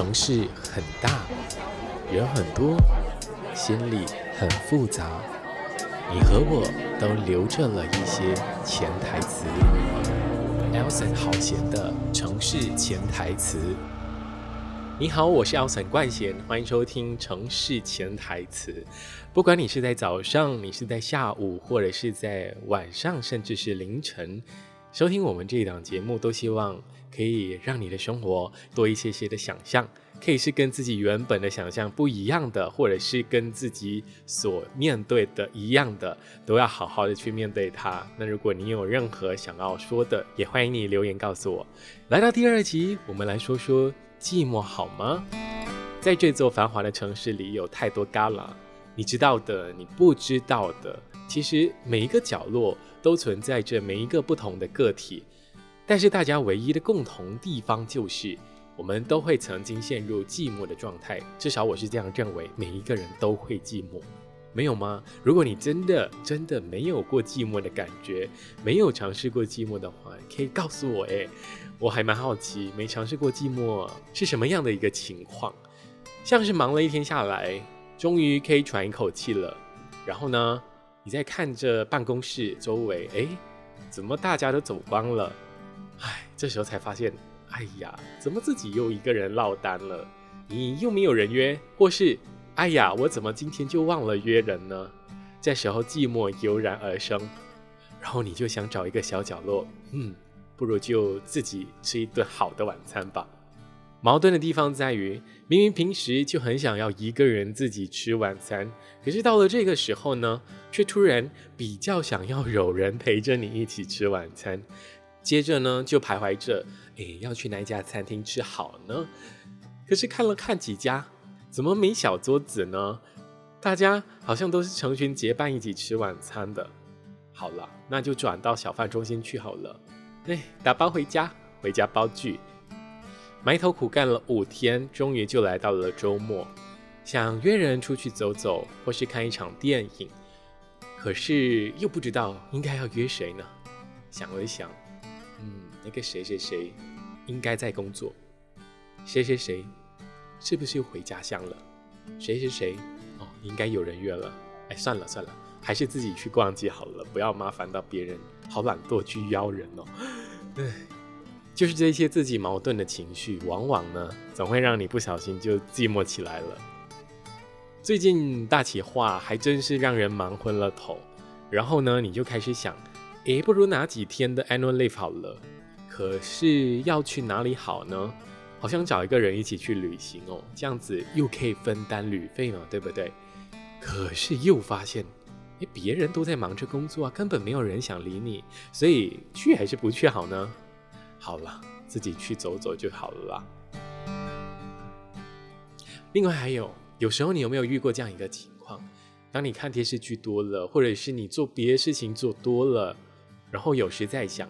城市很大，人很多，心裡很複雜。你和我都留着了一些潛台詞。Alson 好閒的城市潛台詞。你好，我是 Alson 冠賢，歡迎收聽《城市潛台詞》。不管你是在早上，你是在下午，或者是在晚上，甚至是凌晨，收聽我們這檔節目，都希望。可以讓你的生活多一些些的想象，可以是跟自己原本的想象不一樣的，或者是跟自己所面對的一樣的，都要好好的去面對它。那如果你有任何想要說的，也歡迎你留言告訴我。來到第二集，我們來說說寂寞好嗎？在這座繁華的城市裡，有太多旮旯，你知道的，你不知道的，其實每一個角落都存在着每一個不同的個體。但是大家唯一的共同地方就是，我們都會曾經陷入寂寞的狀態。至少我是這樣認為，每一個人都會寂寞，沒有嗎？如果你真的真的沒有過寂寞的感覺，沒有嘗試過寂寞的話，可以告訴我誒，我還蠻好奇，沒嘗試過寂寞是什麼樣的一個情況。像是忙了一天下來，終於可以喘一口氣了，然後呢，你在看着辦公室周圍，誒，怎麼大家都走光了？哎，這時候才發現，哎呀，怎麼自己又一個人落單了？你又沒有人約，或是，哎呀，我怎麼今天就忘了約人呢？這時候寂寞油然而生，然後你就想找一個小角落，嗯，不如就自己吃一頓好的晚餐吧。矛盾的地方在於，明明平時就很想要一個人自己吃晚餐，可是到了這個時候呢，卻突然比較想要有人陪着你一起吃晚餐。接着呢，就徘徊着，哎，要去哪一家餐廳吃好呢？可是看了看幾家，怎麼沒小桌子呢？大家好像都是成群結伴一起吃晚餐的。好了，那就轉到小販中心去好了。哎，打包回家，回家煲劇。埋頭苦幹了五天，終於就來到了周末。想約人出去走走，或是看一場電影，可是又不知道應該要約誰呢？想了想。嗯，那個誰誰誰應該在工作，誰誰誰是不是又回家鄉了？誰誰誰哦，應該有人約了。哎，算了算了，還是自己去逛街好了，不要麻煩到別人。好懶惰，去邀人哦。哎，就是這些自己矛盾的情緒，往往呢，總會讓你不小心就寂寞起來了。最近大企劃還真是讓人忙昏了頭，然後呢，你就開始想。哎，不如拿幾天的 annual leave 好了。可是要去哪裡好呢？好想找一個人一起去旅行哦，這樣子又可以分擔旅費嘛，對不對？可是又發現，哎，別人都在忙着工作啊，根本沒有人想理你，所以去還是不去好呢？好了，自己去走走就好了啦。另外還有，有時候你有沒有遇過這樣一個情況？當你看電視劇多了，或者是你做別的事情做多了。然後有時在想，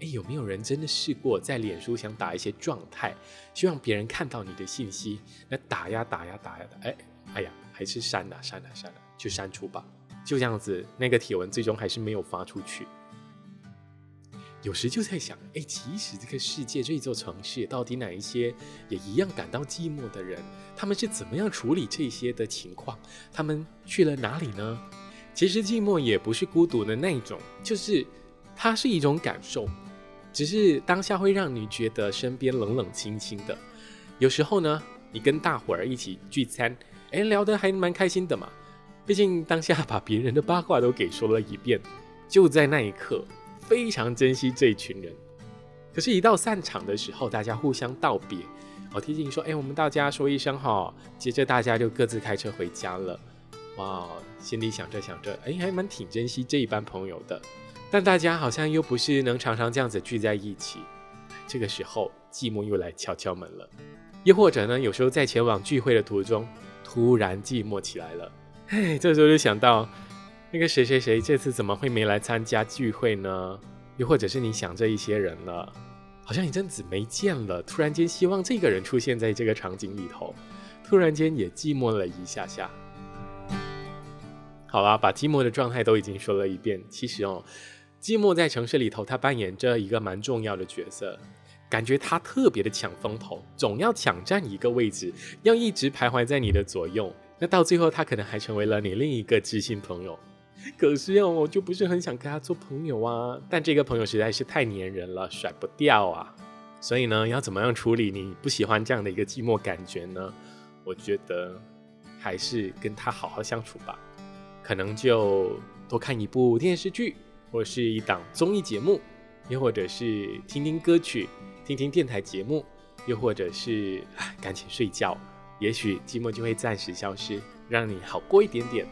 哎，有沒有人真的試過在臉書想打一些狀態，希望別人看到你的信息，那打呀打呀打呀，打呀打，哎，哎呀，還是刪了、啊、刪了、啊、刪了、啊，就刪除吧，就這樣子，那個帖文最終還是沒有發出去。有時就在想，哎，其實這個世界，這座城市，到底哪一些也一樣感到寂寞的人，他們是怎麼樣處理這些的情況？他們去了哪裡呢？其實寂寞也不是孤獨的那種，就是。它是一種感受，只是當下會讓你覺得身邊冷冷清清的。有時候呢，你跟大夥兒一起聚餐，哎，聊得還蠻開心的嘛。畢竟當下把別人的八卦都給說了一遍，就在那一刻非常珍惜這一群人。可是，一到散場的時候，大家互相道別。我、哦、提醒說：“哎，我們大家說一聲哈、哦。”接着大家就各自開車回家了。哇，心裡想着想着，哎，還蠻挺珍惜這一班朋友的。但大家好像又不是能常常這樣子聚在一起，這個時候寂寞又來敲敲門了。又或者呢，有時候在前往聚會的途中，突然寂寞起來了。嘿，這時候就想到那個誰誰誰，這次怎麼會沒來參加聚會呢？又或者是你想着一些人了，好像一陣子沒見了，突然間希望這個人出現在這個場景裡頭，突然間也寂寞了一下下。好啦，把寂寞的狀態都已經說了一遍，其實哦。寂寞在城市裡頭，他扮演着一個蠻重要的角色，感覺他特別的搶風頭，總要搶占一個位置，要一直徘徊在你的左右。那到最後，他可能還成為了你另一個知心朋友。可是我就不是很想跟他做朋友啊。但這個朋友實在是太黏人了，甩不掉啊。所以呢，要怎麼樣處理你不喜歡這樣的一個寂寞感覺呢？我覺得還是跟他好好相處吧。可能就多看一部電視劇。我是一檔綜藝節目，又或者是聽聽歌曲、聽聽電台節目，又或者是哎趕緊睡覺，也許寂寞就會暫時消失，讓你好過一點點。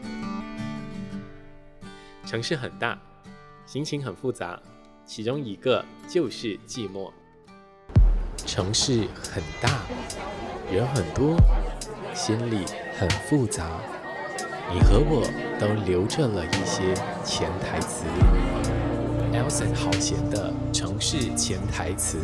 城市很大，心情很複雜，其中一個就是寂寞。城市很大，人很多，心裡很複雜，你和我都留着了一些潛台詞。寂寞好嗎的城市潛台詞。